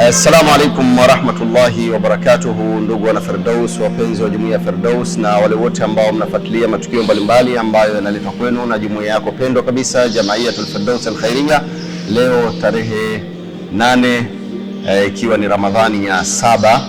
Assalamu alaikum warahmatullahi wabarakatuhu, ndugu wana Firdaus, wapenzi wa jumuiya ya Firdaus na wale wote ambao mnafuatilia matukio mbalimbali ambayo yanaletwa kwenu na jumuiya yako pendwa kabisa Jamaiyatul Firdaus Alkhairia. Leo tarehe nane eh, ikiwa e, ni Ramadhani ya saba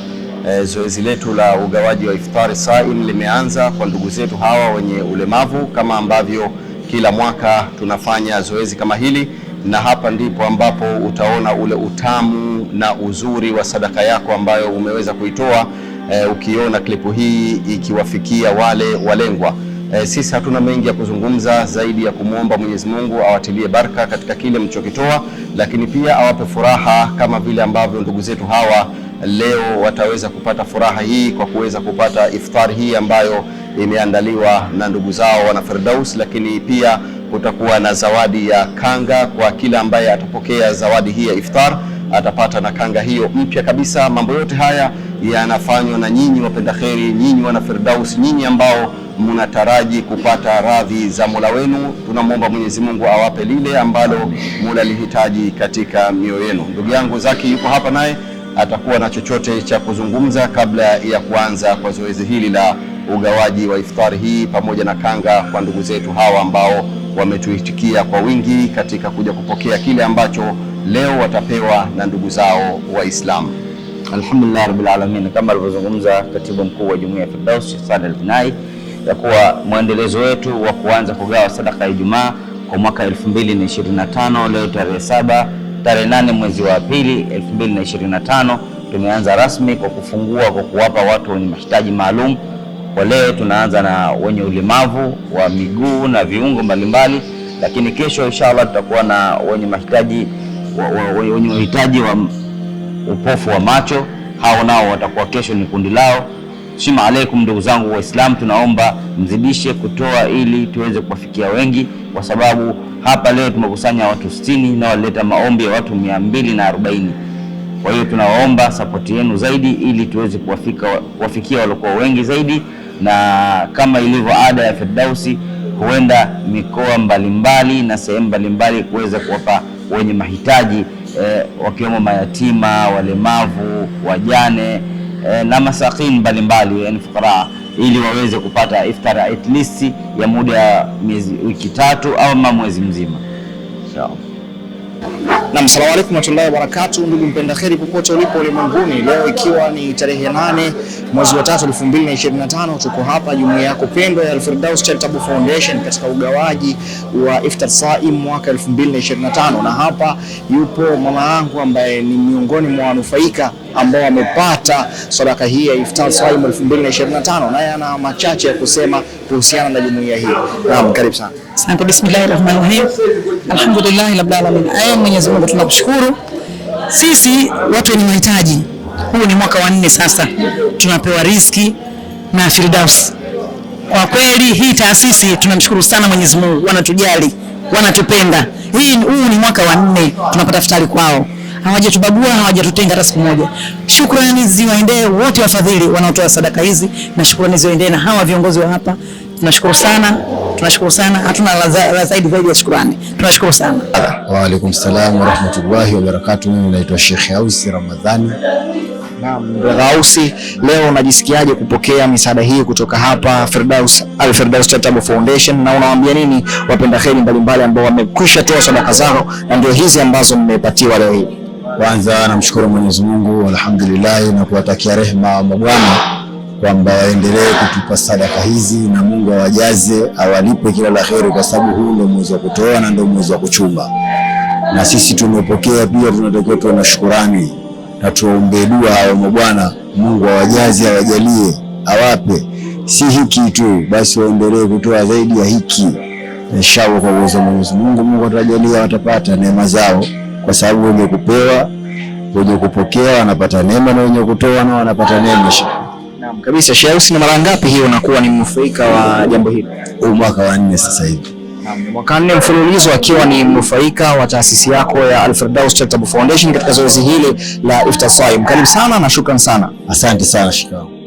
e, zoezi letu la ugawaji wa iftari saim limeanza kwa ndugu zetu hawa wenye ulemavu, kama ambavyo kila mwaka tunafanya zoezi kama hili na hapa ndipo ambapo utaona ule utamu na uzuri wa sadaka yako ambayo umeweza kuitoa. E, ukiona klipu hii ikiwafikia wale walengwa. E, sisi hatuna mengi ya kuzungumza zaidi ya kumwomba Mwenyezi Mungu awatilie baraka katika kile mlichokitoa, lakini pia awape furaha kama vile ambavyo ndugu zetu hawa leo wataweza kupata furaha hii kwa kuweza kupata iftari hii ambayo imeandaliwa na ndugu zao wana Firdaus, lakini pia kutakuwa na zawadi ya kanga kwa kila ambaye atapokea zawadi hii ya iftar atapata na kanga hiyo mpya kabisa. Mambo yote haya yanafanywa na nyinyi wapenda kheri, nyinyi wana Firdaus, nyinyi ambao mnataraji kupata radhi za Mola wenu. Tunamwomba Mwenyezi Mungu awape lile ambalo Mola lihitaji katika mioyo yenu. Ndugu yangu Zaki yuko hapa naye atakuwa na chochote cha kuzungumza kabla ya kuanza kwa zoezi hili la ugawaji wa iftari hii pamoja na kanga kwa ndugu zetu hawa ambao wametuitikia kwa wingi katika kuja kupokea kile ambacho leo watapewa na ndugu zao Waislamu. Alhamdulillah rabbil alamin, kama alivyozungumza katibu mkuu wa jumuiya ya Firdaus Saad al ya kuwa mwendelezo wetu wa kuanza kugawa sadaka ya Ijumaa kwa mwaka 2025 leo tarehe saba tarehe nane mwezi wa pili 2025 tumeanza rasmi kwa kufungua kwa kuwapa watu wenye mahitaji maalum kwa leo tunaanza na wenye ulemavu wa miguu na viungo mbalimbali, lakini kesho inshallah tutakuwa na wenye mahitaji wa, wa, wenye uhitaji wa upofu wa macho. Hao nao watakuwa kesho, ni kundi lao. Shima alaikum, ndugu zangu Waislamu, tunaomba mzidishe kutoa ili tuweze kuwafikia wengi, kwa sababu hapa leo tumekusanya watu 60 na walileta maombi ya watu 240. Kwa hiyo tunawaomba sapoti yenu zaidi ili tuweze kuwafikia waliokuwa wengi zaidi na kama ilivyo ada ya Firdausi huenda mikoa mbalimbali na sehemu mbalimbali kuweza kuwapa wenye mahitaji eh, wakiwemo mayatima, walemavu, wajane eh, na masakin mbalimbali, yani fukara, ili waweze kupata iftar at least ya muda ya wiki tatu au mwezi mzima inshallah. Nam, salamu alaykum warahmatullahi wabarakatuh, ndugu mpenda kheri popote ulipo ulimwenguni. Leo ikiwa ni tarehe nane mwezi wa tatu na tano tuko hapa jumuiya yako pendwa ya Al-Firdaus Charitable Foundation katika ugawaji wa iftar saim mwaka tano na hapa yupo mama yangu ambaye ni miongoni mwa wanufaika ambao wamepata sadaka hii ya Iftar Swaimu 2025 naye ana machache ya kusema kuhusiana na jumuiya hii. Naam, karibu sana. Asante. Bismillahirrahmanirrahim. Alhamdulillah rabbil alamin. Aya, Mwenyezi Mungu tunakushukuru. Sisi watu wenye mahitaji, huu ni mwaka wa nne sasa tunapewa riski na Firdaus. Kwa kweli hii taasisi tunamshukuru sana Mwenyezi Mungu, wanatujali wanatupenda. Hii huu ni mwaka wa nne tunapata futari kwao hawajatubagua hawajatutenga hata siku moja. Shukrani ziwaendee wote wafadhili wanaotoa sadaka hizi, na shukrani ziwaendee na hawa viongozi wa hapa. Tunashukuru sana, tunashukuru sana, hatuna la zaidi zaidi ya shukrani. Tunashukuru sana. Wa alaikum salaam wa rahmatullahi wa barakatuh. Mimi naitwa Sheikh Ausi Ramadhani. Naam, brother leo unajisikiaje kupokea misaada hii kutoka hapa Firdaus Al Firdaus Charitable Foundation na unawaambia nini wapenda kheri mbalimbali ambao wamekwisha toa sadaka zao na ndio hizi ambazo mmepatiwa leo hii? Kwanza namshukuru Mwenyezi Mungu alhamdulillah, na kuwatakia rehema mabwana kwamba waendelee kutupa sadaka hizi na Mungu awajaze awalipe kila la heri kwa sababu huu ndio mwezi wa kutoa na ndio mwezi wa kuchuma, na sisi tumepokea pia, tunatakiwa tuwe na shukurani na tuwaombee dua hao mabwana, Mungu awajaze awajalie awape si hiki tu basi, waendelee kutoa zaidi ya hiki inshallah, kwa uwezo wa Mwenyezi Mungu. Mungu atajalia watapata neema zao kwa sababu wenye kupewa, wenye kupokea wanapata neema na wenye kutoa na wanapata neema. Naam kabisa. Sheikh Hersi, ni mara ngapi hiyo unakuwa ni mnufaika wa jambo hili? Huu mwaka wa nne sasa hivi mwaka nne mfululizo akiwa ni mnufaika wa taasisi yako ya al Charitable Foundation katika zoezi hili la Iftar Saim. Karibu sana na shukran sana. Asante sana shukran.